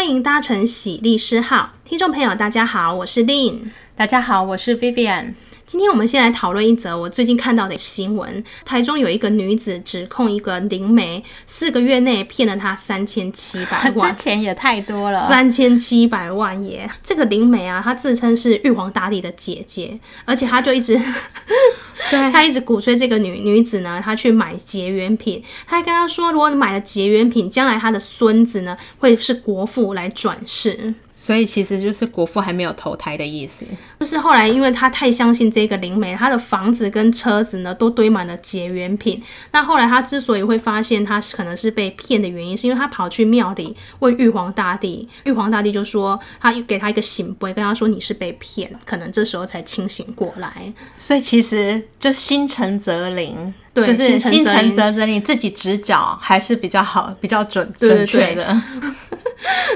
歡迎搭乘喜利詩號，聽眾朋友大家好，我是 Lynne，大家好，我是 Vivian。今天我們先來討論一則我最近看到的新聞。台中有一個女子指控一個靈媒四個月內騙了她三千七百萬，這錢也太多了，三千七百萬耶！這個靈媒啊，她自稱是玉皇大帝的姐姐，而且她就一直，對， 她一直鼓吹這個女女子呢，她去買結緣品，她還跟她說，如果你買了結緣品，將來她的孫子呢會是國父來轉世。所以其實就是國父還沒有投胎的意思，就是後來因為他太相信這個靈媒，他的房子跟車子呢都堆滿了結緣品。那後來他之所以會發現他可能是被騙的原因，是因為他跑去廟裡問玉皇大帝，玉皇大帝就說他給他一個聖杯，跟他說你是被騙，可能這時候才清醒過來。所以其實就心誠則靈，對，就是心誠則靈，自己直覺還是比較好，比較準對對對準確的。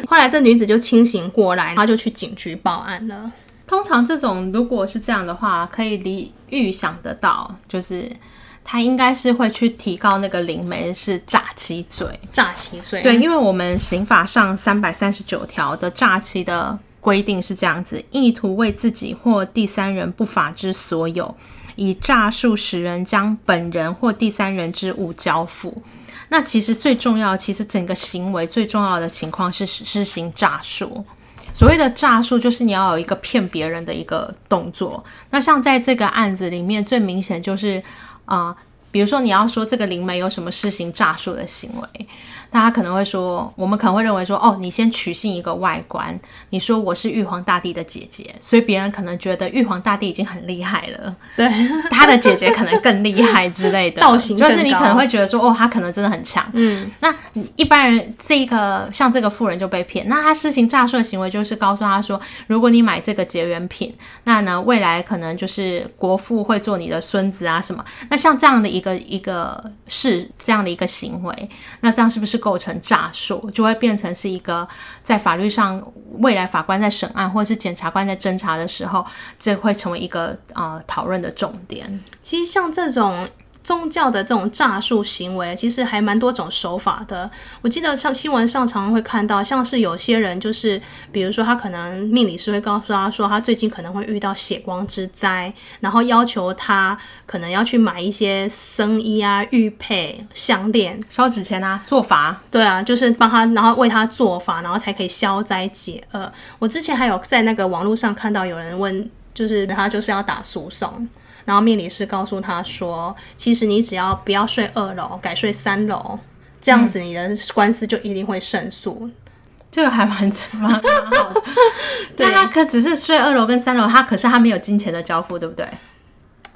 後來這女子就清醒過來，然後就去警局報案了。通常這種如果是這樣的話，可以理預想得到，就是她應該是會去提告那個靈媒是詐欺罪。詐欺罪。對，因為我們刑法上三百三十九條的詐欺的規定是這樣子：意圖為自己或第三人不法之所有，以詐術使人將本人或第三人之物交付。那其實最重要，其實整個行為最重要的情況是施行詐術。所謂的詐術，就是你要有一個騙別人的一個動作。那像在這個案子裡面，最明顯就是，啊、呃，比如說你要說這個靈媒有什麼施行詐術的行為。那他可能會說，我們可能會認為說，哦，你先取信一個外觀，你說我是玉皇大帝的姐姐，所以別人可能覺得玉皇大帝已經很厲害了，對， 他的姐姐可能更厲害之類的，道 行。就是你可能會覺得說，哦，他可能真的很強，嗯，那一般人這一個像這個富人就被騙，那他施行詐術的行為就是告訴他說，如果你買這個結緣品，那呢未來可能就是國父會做你的孫子啊什麼，那像這樣的一個一個事，這樣的一個行為，那這樣是不是？構成詐術，就會變成是一個在法律上，未來法官在審案或者是檢察官在偵查的時候，這會成為一個呃討論的重點。其實像這種。嗯。宗教的這種詐術行為，其實還蠻多種手法的。我記得上新聞上常常會看到，像是有些人就是，比如說他可能命理師會告訴他說，他最近可能會遇到血光之災，然後要求他可能要去買一些僧衣啊、玉佩、項鏈、燒紙錢啊、做法。對啊，就是幫他，然後為他做法，然後才可以消災解厄。我之前還有在那個網絡上看到有人問，就是他就是要打訴訟。然後命理師告訴他說：“其實你只要不要睡二樓，改睡三樓，這樣子你的官司就一定會勝訴。嗯”這個還蠻值嗎？ 對，可只是睡二樓跟三樓，他可是他沒有金錢的交付，對不對？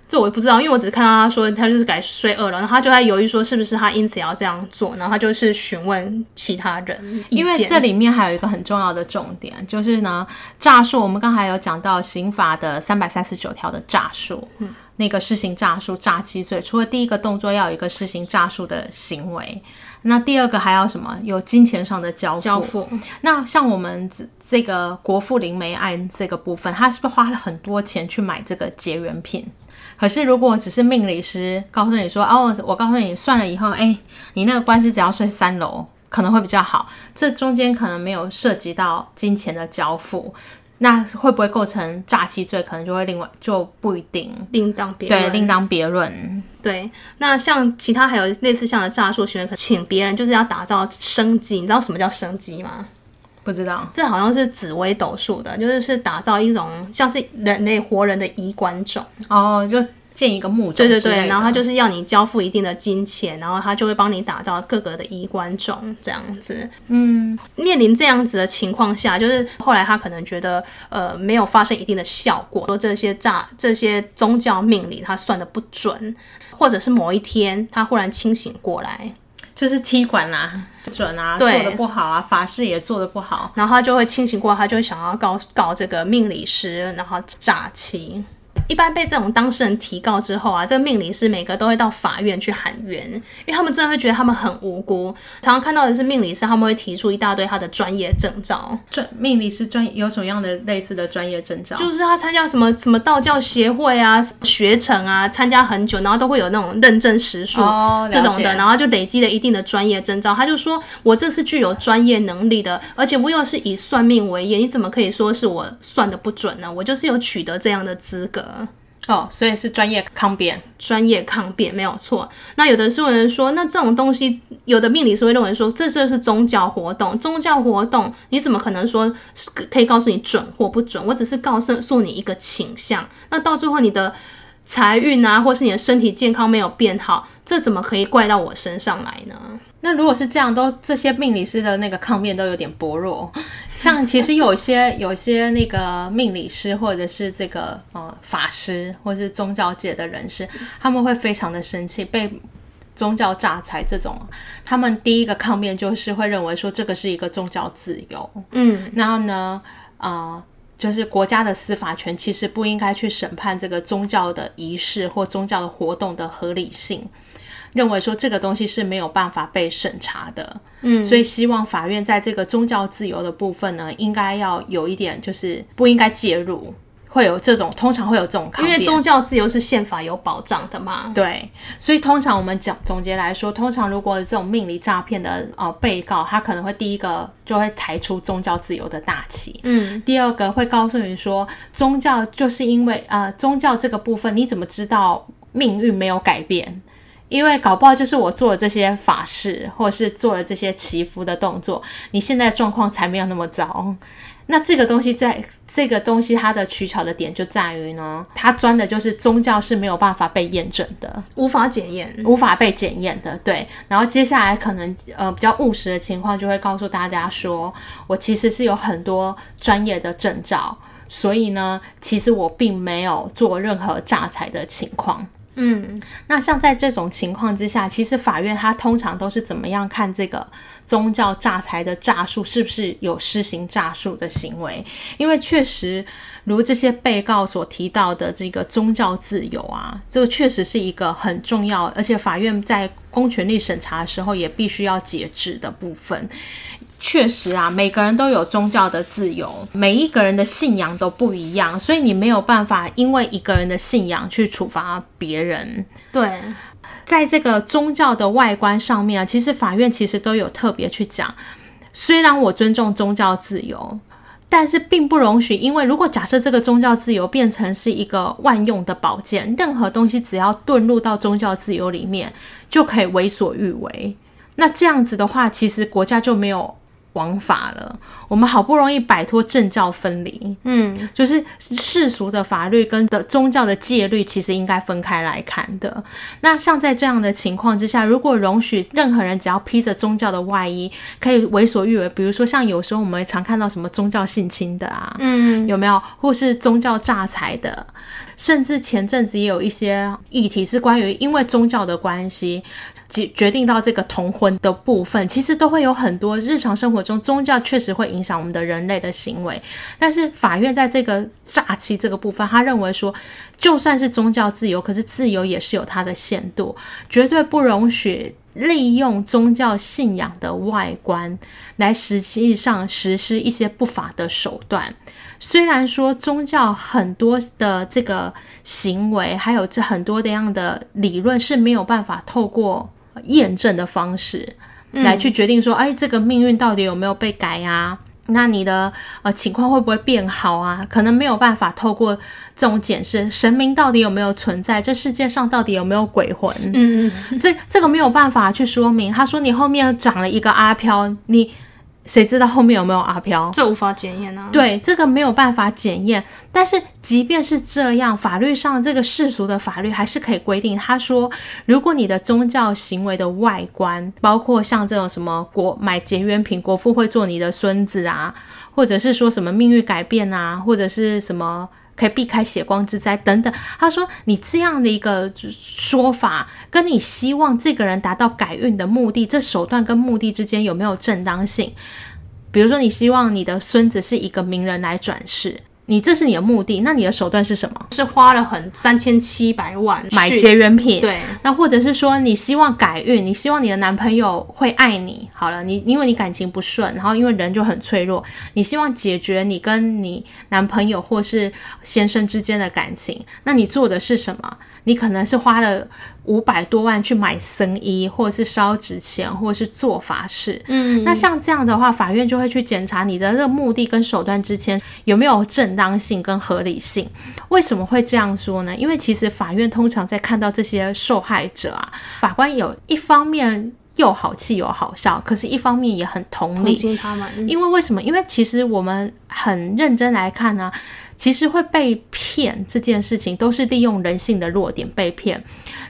這我也不知道，因為我只是看到他說他就是改睡惡了，然後他就在猶豫說是不是他因此要這樣做，然後他就是詢問其他人，因為這裡面還有一個很重要的重點，就是呢詐術，我們剛才有講到刑法的三百三十九條的詐術，嗯，那個施行詐術詐欺罪，除了第一個動作要有一個施行詐術的行為，那第二個還要什麼？有金錢上的交付。交付，那像我們這個國父靈媒案這個部分，他是不是花了很多錢去買這個結緣品？可是，如果只是命理師告訴你說，哦，我告訴你算了以後，哎，你那個官司只要睡三樓可能會比較好，這中間可能沒有涉及到金錢的交付，那會不會構成詐欺罪？可能就會另外就不一定，另當別論。對，另當別論。對，那像其他還有類似像的詐術行為，可請別人就是要打造生基，你知道什麼叫生基嗎？不知道，這好像是紫微斗數的，就是是打造一種像是人類活人的衣冠冢哦，就建一個墓。對對對，然後他就是要你交付一定的金錢，然後他就會幫你打造各個的衣冠冢這樣子。嗯，面臨這樣子的情況下，就是後來他可能覺得，呃，沒有發生一定的效果，說這些詐這些宗教命理，他算得不準，或者是某一天他忽然清醒過來。就是踢館啊，不準啊，做的不好啊，法事也做的不好，然後他就會清醒過，他就會想要告告這個命理師，然後詐欺。一般被這種當事人提告之後啊，這個命理師每個都會到法院去喊冤，因為他們真的會覺得他們很無辜。常常看到的是命理師他們會提出一大堆他的專業證照，專命理師專有什麼樣的類似的專業證照？就是他參加什麼什麼道教協會啊、學程啊，參加很久，然後都會有那種認證時數這種的、哦，然後就累積了一定的專業證照。他就說我這是具有專業能力的，而且我又是以算命為業，你怎麼可以說是我算得不準呢？我就是有取得這樣的資格。哦，所以是專業抗辯，專業抗辯沒有錯。那有的是有人說，那這種東西，有的命理師會認為說，這就是宗教活動。宗教活動你怎麼可能說可以告訴你準或不準？我只是告訴你一個傾向。那到最後你的財運啊，或是你的身體健康沒有變好，這怎麼可以怪到我身上來呢？那如果是這樣，都這些命理師的那個抗辯都有點薄弱。像其實有些有些那個命理師，或者是這個呃法師，或是宗教界的人士，他們會非常的生氣，被宗教詐財，這種他們第一個抗辯就是會認為說，這個是一個宗教自由，嗯，然後呢，呃，就是國家的司法權其實不應該去審判這個宗教的儀式或宗教的活動的合理性。認為說這個東西是沒有辦法被審查的，嗯，所以希望法院在這個宗教自由的部分呢，應該要有一點就是不應該介入，會有這種通常會有這種抗辯，因為宗教自由是憲法有保障的嘛，對，所以通常我們講總結來說，通常如果這種命理詐騙的哦、呃，被告，他可能會第一個就會抬出宗教自由的大旗，嗯，第二個會告訴你說宗教就是因為呃宗教這個部分，你怎麼知道命運沒有改變？因為搞不好就是我做了這些法事，或者是做了這些祈福的動作，你現在狀況才沒有那麼糟。那這個東西在，這個東西它的取巧的點就在於呢，它鑽的就是宗教是沒有辦法被驗證的，無法檢驗，無法被檢驗的。對，然後接下來可能呃比較務實的情況就會告訴大家說，我其實是有很多專業的證照，所以呢，其實我並沒有做任何詐財的情況。嗯，那像在這種情況之下，其實法院它通常都是怎麼樣看這個宗教詐財的詐術是不是有施行詐術的行為？因為確實如這些被告所提到的，這個宗教自由啊，這個確實是一個很重要，而且法院在公權力審查的時候也必須要節制的部分。確實啊，每個人都有宗教的自由，每一個人的信仰都不一樣，所以你沒有辦法因為一個人的信仰去處罰別人。對，在這個宗教的外觀上面啊，其實法院其實都有特別去講，雖然我尊重宗教自由，但是並不容許因為，如果假設這個宗教自由變成是一個萬用的寶劍，任何東西只要遁入到宗教自由裡面，就可以為所欲為。那這樣子的話，其實國家就沒有。王法了。我們好不容易擺脫政教分離，嗯，就是世俗的法律跟的宗教的戒律，其實應該分開來看的。那像在這樣的情況之下，如果容許任何人只要披着宗教的外衣，可以為所欲為，比如說像有時候我們常看到什麼宗教性侵的啊，嗯，有沒有？或是宗教詐財的，甚至前陣子也有一些議題是關於因為宗教的關係，決決定到這個同婚的部分，其實都會有很多日常生活。宗宗教確實會影響我們的人類的行為，但是法院在這個詐欺這個部分，他認為說，就算是宗教自由，可是自由也是有它的限度，絕對不容許利用宗教信仰的外觀來實際上實施一些不法的手段。雖然說宗教很多的這個行為，還有這很多這樣的理論是沒有辦法透過驗證的方式。來去決定說、嗯，哎，這個命運到底有沒有被改呀、啊？那你的呃情況會不會變好啊？可能沒有辦法透過這種解釋，神明到底有沒有存在？這世界上到底有沒有鬼魂？嗯嗯，這這個沒有辦法去說明。他說，你後面長了一個阿飄，你。誰知道後面有沒有阿飄？這無法檢驗啊。對，這個沒有辦法檢驗。但是，即便是這樣，法律上這個世俗的法律還是可以規定。他說，如果你的宗教行為的外觀，包括像這種什麼國買結緣品，國父會做你的孫子啊，或者是說什麼命運改變啊，或者是什麼。可以避開血光之災等等。他說：“你這樣的一個說法，跟你希望這個人達到改運的目的，這手段跟目的之間有沒有正當性？比如說，你希望你的孫子是一個名人來轉世。”你這是你的目的，那你的手段是什麼？是花了很三千七百萬買結緣品，對。那或者是說，你希望改運，你希望你的男朋友會愛你。好了，你因為你感情不順，然後因為人就很脆弱，你希望解決你跟你男朋友或是先生之間的感情，那你做的是什麼？你可能是花了五百多萬去買僧衣，或者是燒紙錢，或者是做法事。嗯、嗯，那像這樣的話，法院就會去檢查你的這個目的跟手段之間有沒有正當性跟合理性。為什麼會這樣說呢？因為其實法院通常在看到這些受害者啊，法官有一方面又好氣又好笑，可是一方面也很同理，同情他嘛、嗯、因為為什麼？因為其實我們。很認真來看呢，其實會被騙這件事情都是利用人性的弱點被騙。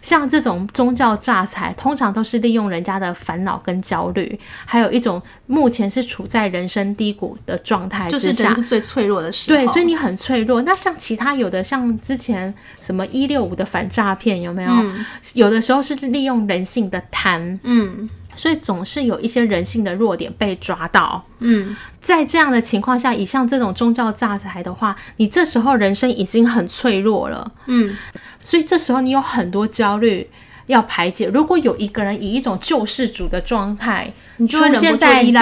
像這種宗教詐財，通常都是利用人家的煩惱跟焦慮，還有一種目前是處在人生低谷的狀態之下，就是、是最脆弱的時候。對，所以你很脆弱。那像其他有的像之前什麼一六五的反詐騙，有沒有？嗯。有的時候是利用人性的貪，嗯。所以總是有一些人性的弱點被抓到。嗯，在這樣的情況下，以像這種宗教詐財的話，你這時候人生已經很脆弱了。嗯，所以這時候你有很多焦慮要排解。如果有一個人以一種救世主的狀態，你就忍不住依賴他，出現在、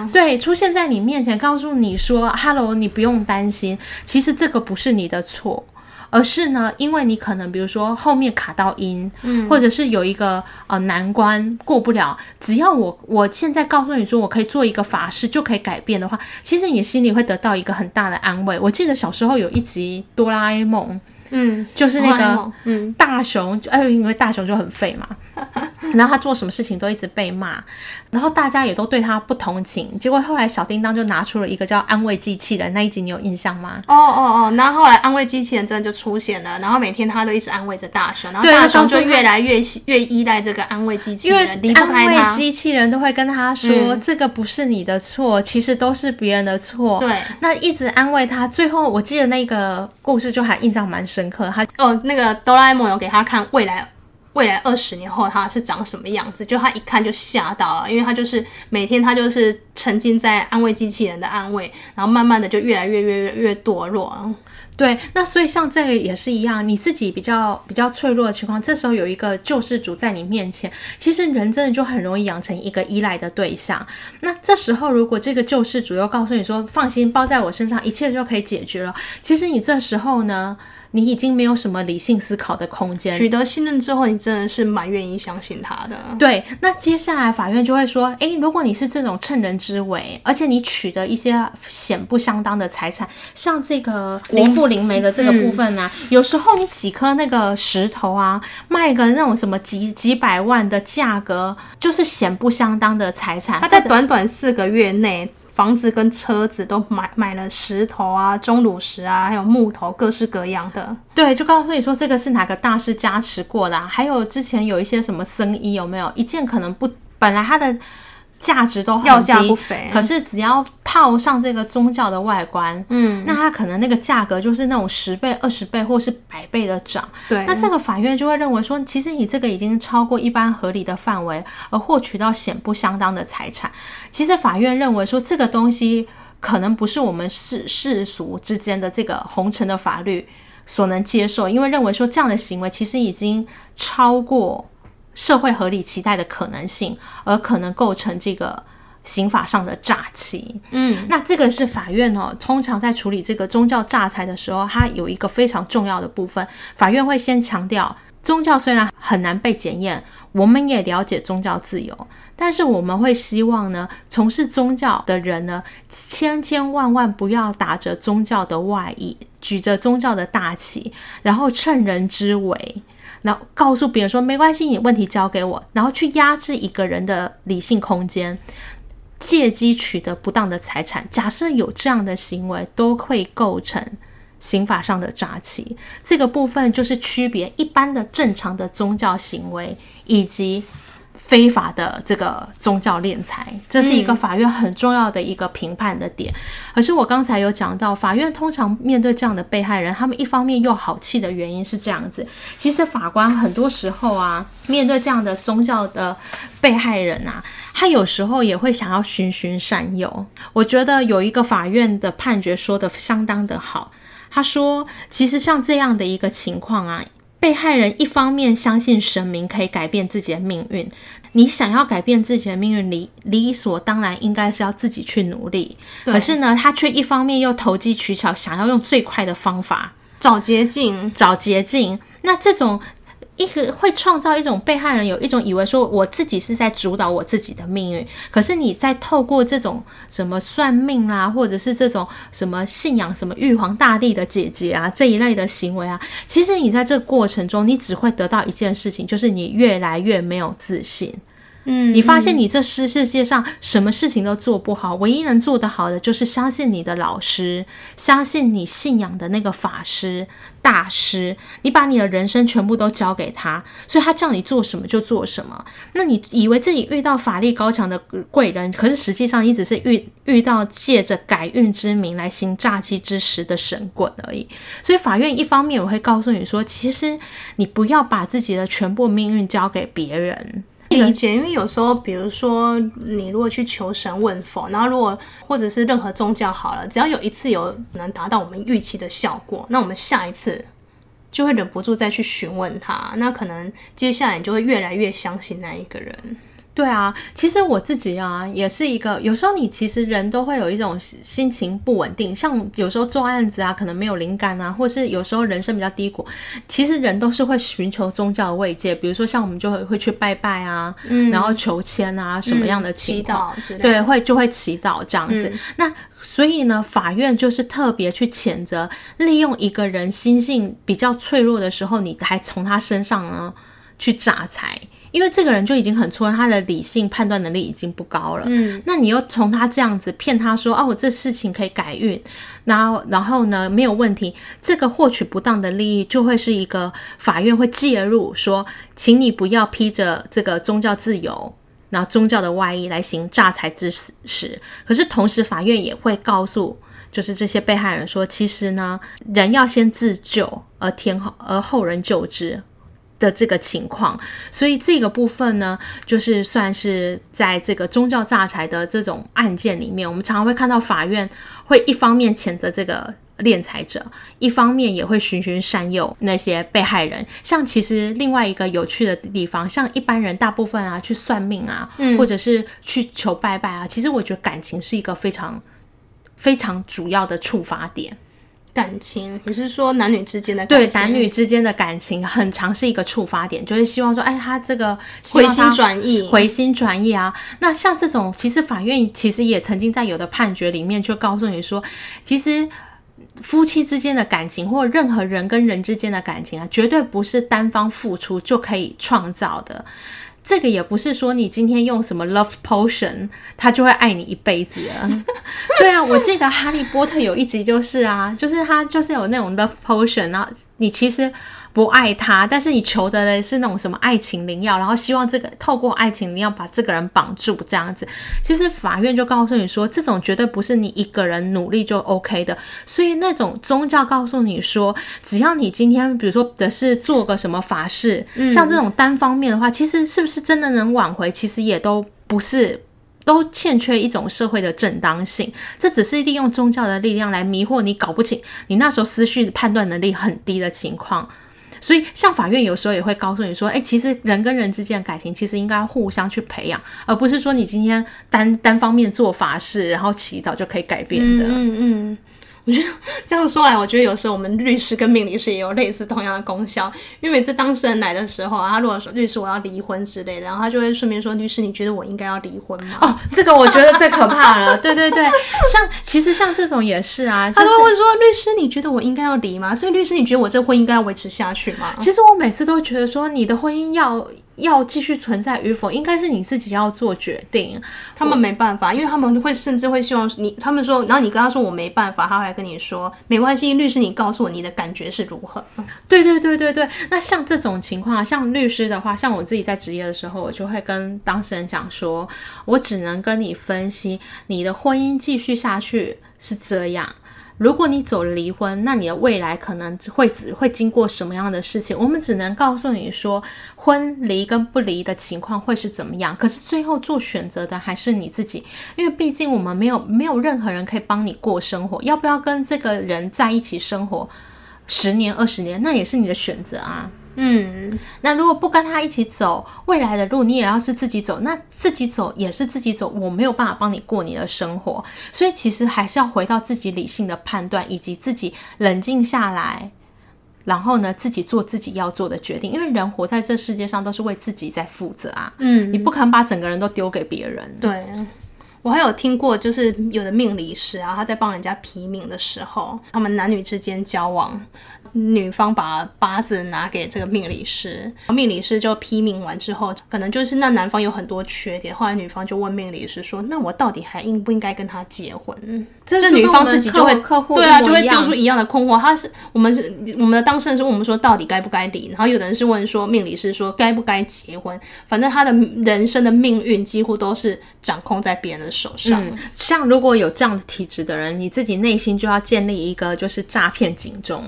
在你，對，出現在你面前，告訴你說哈嘍 Hello, 你不用擔心，其實這個不是你的錯。”而是呢，因為你可能比如說後面卡到音，嗯，或者是有一個呃難關過不了，只要我我現在告訴你說我可以做一個法事就可以改變的話，其實你心裡會得到一個很大的安慰。我記得小時候有一集哆啦 A 夢，嗯，就是那個嗯大雄，嗯、哎，因為大雄就很廢嘛。 然後他做什麼事情都一直被罵，然後大家也都對他不同情。結果後來小叮當就拿出了一個叫安慰機器人那一集，你有印象嗎？哦哦哦！然後後來安慰機器人真的就出現了，然後每天他都一直安慰着大雄，然後大雄就越來越越、越依賴這個安慰機器人，因為安慰機器人都會跟他說，嗯，這個不是你的錯，其實都是別人的錯。對，那一直安慰他，最後我記得那個故事就還印象蠻深刻。他哦，oh, 那個哆啦 A 夢有給他看未來。未來二十年後他是長什麼樣子？就他一看就嚇到了，因為他就是每天他就是沉浸在安慰機器人的安慰，然後慢慢的就越來越越越墮落。對，那所以像這個也是一樣，你自己比較比較脆弱的情況，這時候有一個救世主在你面前，其實人真的就很容易養成一個依賴的對象。那這時候如果這個救世主又告訴你說，放心，包在我身上，一切就可以解決了，其實你這時候呢？你已經沒有什麼理性思考的空間。取得信任之後，你真的是蠻願意相信他的。對，那接下來法院就會說，誒，如果你是這種趁人之危，而且你取得一些顯不相當的財產，像這個國父靈媒的這個部分呢、啊嗯，有時候你幾顆那個石頭啊，賣個那種什麼幾幾百萬的價格，就是顯不相當的財產。他在短短四個月內。房子跟車子都買買了石頭啊、鐘乳石啊，還有木頭，各式各樣的。對，就告訴你說這個是哪個大師加持過的啊，還有之前有一些什麼僧衣，有沒有？一件可能不本來他的。價值都很低不，可是只要套上這個宗教的外觀，嗯，那它可能那個價格就是那種十倍、二十倍，或是百倍的漲。對，那這個法院就會認為說，其實你這個已經超過一般合理的範圍而獲取到顯不相當的財產。其實法院認為說，這個東西可能不是我們世世俗之間的這個紅塵的法律所能接受，因為認為說這樣的行為其實已經超過。社會合理期待的可能性，而可能構成這個刑法上的詐欺。嗯，那這個是法院哦，通常在處理這個宗教詐財的時候，它有一個非常重要的部分。法院會先強調，宗教雖然很難被檢驗，我們也了解宗教自由，但是我們會希望呢，從事宗教的人呢，千千萬萬不要打着宗教的外衣，舉着宗教的大旗，然後趁人之危。然後告訴別人說沒關係，你問題交給我，然後去壓制一個人的理性空間，借機取得不當的財產。假設有這樣的行為，都會構成刑法上的詐欺。這個部分就是區別一般的正常的宗教行為以及……非法的這個宗教斂財，這是一個法院很重要的一個評判的點。可、嗯、是我剛才有講到，法院通常面對這樣的被害人，他們一方面又好氣的原因是這樣子。其實法官很多時候啊，面對這樣的宗教的被害人啊，他有時候也會想要循循善誘。我覺得有一個法院的判決說的相當的好，他說，其實像這樣的一個情況啊。被害人一方面相信神明可以改變自己的命運，你想要改變自己的命運，理理所當然應該是要自己去努力。對。可是呢，他却一方面又投機取巧，想要用最快的方法找捷徑，找捷徑。那這種。一個會創造一種被害人有一種以為說我自己是在主導我自己的命運，可是你在透過這種什麼算命啦，啊，或者是這種什麼信仰什麼玉皇大帝的姐姐啊這一類的行為啊，其實你在這個過程中，你只會得到一件事情，就是你越來越沒有自信。嗯， 你發現你這世世界上什麼事情都做不好，嗯，唯一能做得好的就是相信你的老師，相信你信仰的那個法師大師，你把你的人生全部都交給他，所以他叫你做什麼就做什麼。那你以為自己遇到法力高強的貴人，可是實際上你只是遇遇到借着改運之名來行詐欺之實的神棍而已。所以法院一方面我會告訴你說，其實你不要把自己的全部命運交給別人。理解，因為有時候，比如說，你如果去求神問佛，然後如果或者是任何宗教好了，只要有一次有能達到我們預期的效果，那我們下一次就會忍不住再去詢問他，那可能接下來你就會越來越相信那一個人。對啊，其實我自己啊也是一個，有時候你其實人都會有一種心情不穩定，像有時候做案子啊，可能沒有靈感啊，或是有時候人生比較低谷，其實人都是會尋求宗教的慰藉，比如說像我們就會會去拜拜啊、嗯，然後求籤啊，什麼樣的、嗯、祈禱的對，會就會祈禱這樣子、嗯。那所以呢，法院就是特別去譴責利用一個人心性比較脆弱的時候，你還從他身上呢去詐財。因為這個人就已經很錯，他的理性判斷能力已經不高了。嗯，那你又從他這樣子騙他說：“哦，我這事情可以改運。”然後，然後呢，沒有問題。這個獲取不當的利益，就會是一個法院會介入，說，請你不要披着這個宗教自由，然後宗教的外衣來行詐財之實。可是同時，法院也會告訴，就是這些被害人說，其實呢，人要先自救，而天後而後人救之，的這個情況，所以這個部分呢，就是算是在這個宗教詐財的這種案件裡面，我們常常會看到法院會一方面譴責這個斂財者，一方面也會循循善誘那些被害人。像其實另外一個有趣的地方，像一般人大部分啊去算命啊、嗯，或者是去求拜拜啊，其實我覺得感情是一個非常非常主要的觸發點。感情，你是說男女之間的感情？對，男女之間的感情很常是一個觸發點，就是希望說，哎，他這個希望他回心轉意，回心轉意啊。那像這種，其實法院其實也曾經在有的判決裡面，就告訴你說，其實夫妻之間的感情，或任何人跟人之間的感情啊，絕對不是單方付出就可以創造的。這個也不是說你今天用什麼 love potion，他就會愛你一輩子了。 對啊，我記得哈利波特有一集就是啊，就是他就是有那種 love potion 啊，然後你其實。不愛他，但是你求的是那種什麼愛情靈藥，然後希望這個透過愛情你要把這個人綁住這樣子。其實法院就告訴你說，這種絕對不是你一個人努力就 OK 的。所以那種宗教告訴你說，只要你今天比如說的是做個什麼法事，嗯，像這種單方面的話，其實是不是真的能挽回，其實也都不是，都欠缺一種社會的正當性。這只是利用宗教的力量來迷惑你，搞不清你那時候思緒判斷能力很低的情況。所以，像法院有時候也會告訴你說：“哎、欸，其實人跟人之間的感情，其實應該互相去培養，而不是說你今天單單方面做法事，然後祈禱就可以改變的。”嗯嗯嗯。 這樣說來，我覺得有時候我們律師跟命理師也有類似同樣的功效，因為每次當事人來的時候啊，他如果說，律師我要離婚之類的，然後他就會順便說，律師你覺得我應該要離婚嗎？哦，這個我覺得最可怕了， 對對對，像其實像這種也是啊，就是、他會問說，律師你覺得我應該要離嗎？所以律師你覺得我這婚應該要維持下去嗎？其實我每次都覺得說你的婚姻要。要繼續存在與否，應該是你自己要做決定。他們沒辦法，因為他們會甚至會希望你。他們說，然後你跟他說我沒辦法，他會跟你說沒關係。律師，你告訴我你的感覺是如何？對、嗯、對對對對。那像這種情況，像律師的話，像我自己在執業的時候，我就會跟當事人講說，我只能跟你分析你的婚姻繼續下去是這樣。如果你走離婚，那你的未來可能會只會經過什麼樣的事情？我們只能告訴你說，婚離跟不離的情況會是怎麼樣。可是最後做選擇的還是你自己，因為畢竟我們沒有沒有任何人可以幫你過生活。要不要跟這個人在一起生活，十年二十年，那也是你的選擇啊。嗯，那如果不跟他一起走，未來的路你也要是自己走，那自己走也是自己走，我沒有辦法幫你過你的生活，所以其實還是要回到自己理性的判斷，以及自己冷靜下來，然後呢，自己做自己要做的決定，因為人活在這世界上都是為自己在負責啊，嗯，你不可能把整個人都丟給別人。對，我還有聽過，就是有的命理師啊，他在幫人家批命的時候，他們男女之間交往。女方把八字拿給這個命理師，命理師就批命完之後，可能就是那男方有很多缺點。後來女方就問命理師說：“那我到底還應不應該跟他結婚？”這，這女方自己就會客戶對啊，就會丟出一樣的困惑。他是我們是我們的當事人，是問我們說到底該不該離。然後有的人是問說命理師說該不該結婚？反正他的人生的命運幾乎都是掌控在別人的手上。嗯，像如果有這樣的體質的人，你自己內心就要建立一個就是詐騙警鐘。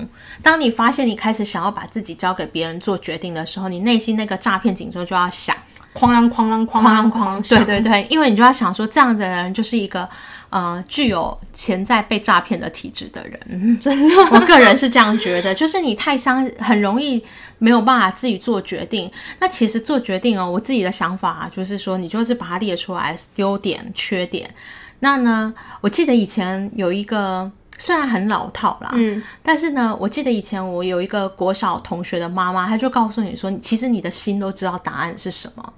當你發現你開始想要把自己交給別人做決定的時候，你內心那個詐騙警鐘就要響，哐啷哐啷哐啷哐啷。對對對，因為你就要想說，這樣子的人就是一個呃具有潛在被詐騙的體質的人。真的， 我個人是這樣覺得，就是你太傷，很容易沒有辦法自己做決定。那其實做決定哦，我自己的想法啊，就是說，你就是把它列出來，優點、缺點。那呢，我記得以前有一個。雖然很老套啦，嗯，但是呢，我記得以前我有一個國小同學的媽媽，她就告訴你說，其實你的心都知道答案是什麼，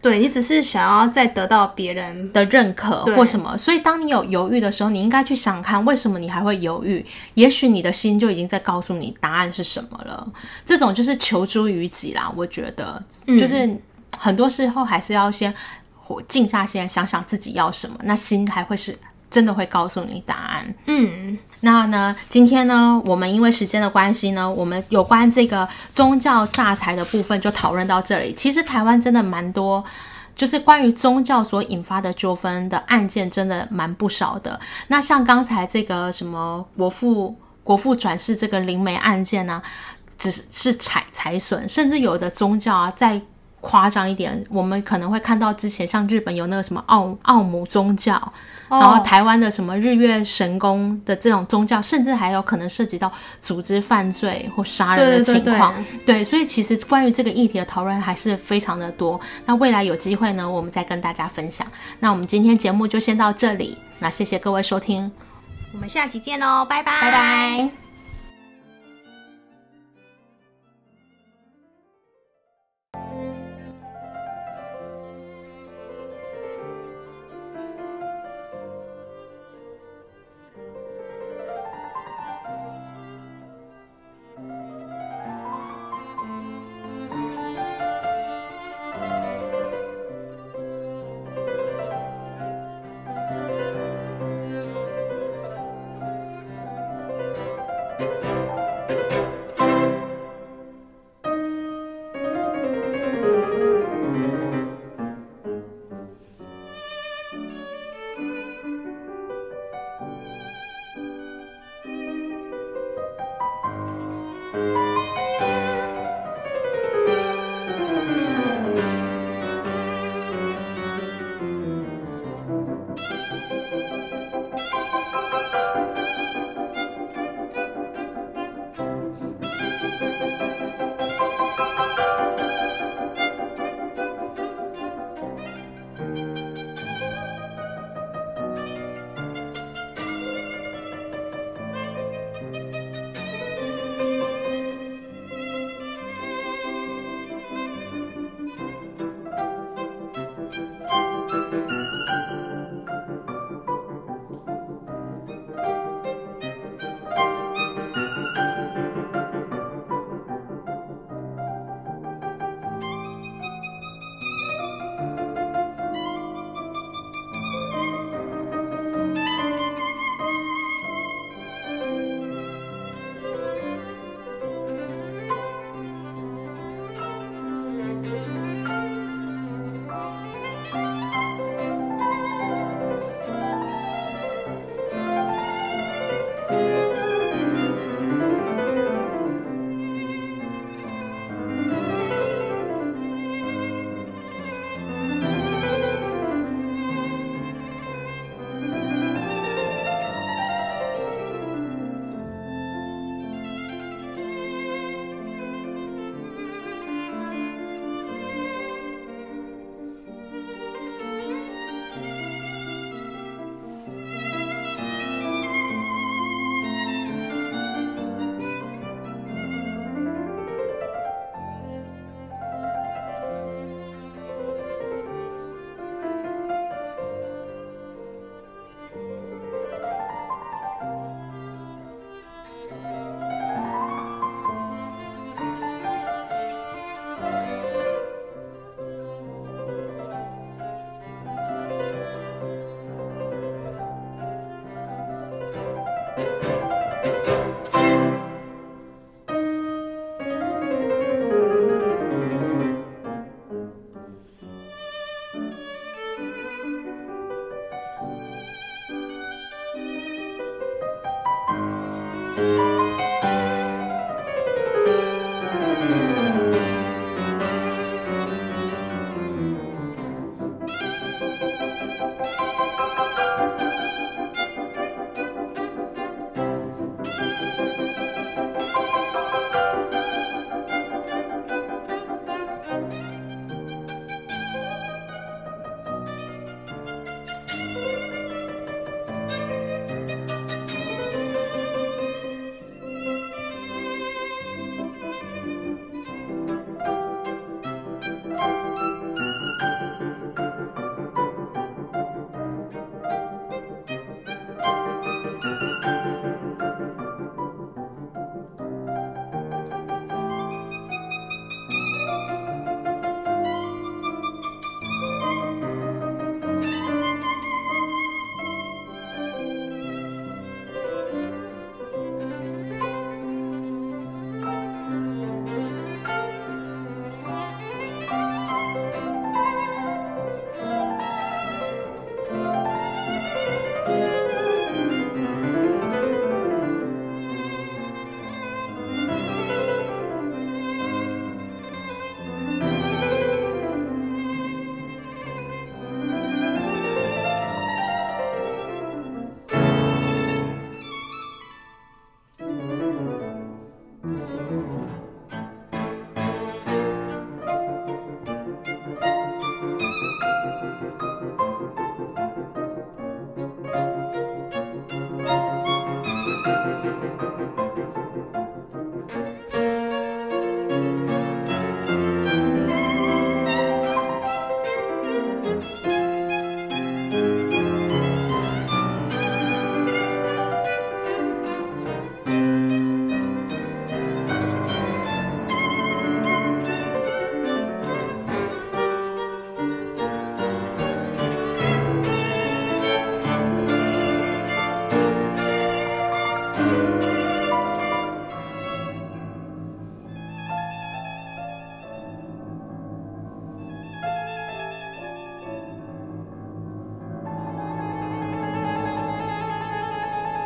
對，你只是想要再得到別人的認可或什麼。所以當你有猶豫的時候，你應該去想看為什麼你還會猶豫，也許你的心就已經在告訴你答案是什麼了。這種就是求諸於己啦，我覺得，嗯，就是很多時候還是要先靜下心來想想自己要什麼，那心還會是。真的會告訴你答案。嗯，那呢，今天呢，我們因為時間的關係呢，我們有關這個宗教詐財的部分就討論到這裡。其實台灣真的蠻多，就是關於宗教所引發的糾紛的案件，真的蠻不少的。那像剛才這個什麼國父國父轉世這個靈媒案件呢，啊，只是，是財財損，甚至有的宗教啊，在誇張一點，我們可能會看到之前像日本有那個什麼奧奧姆宗教，哦、然後台灣的什麼日月神功的這種宗教，甚至還有可能涉及到組織犯罪或殺人的情況。對，所以其實關於這個議題的討論還是非常的多。那未來有機會呢，我們再跟大家分享。那我們今天節目就先到這裡，那謝謝各位收聽，我們下期見嘍，拜拜拜拜。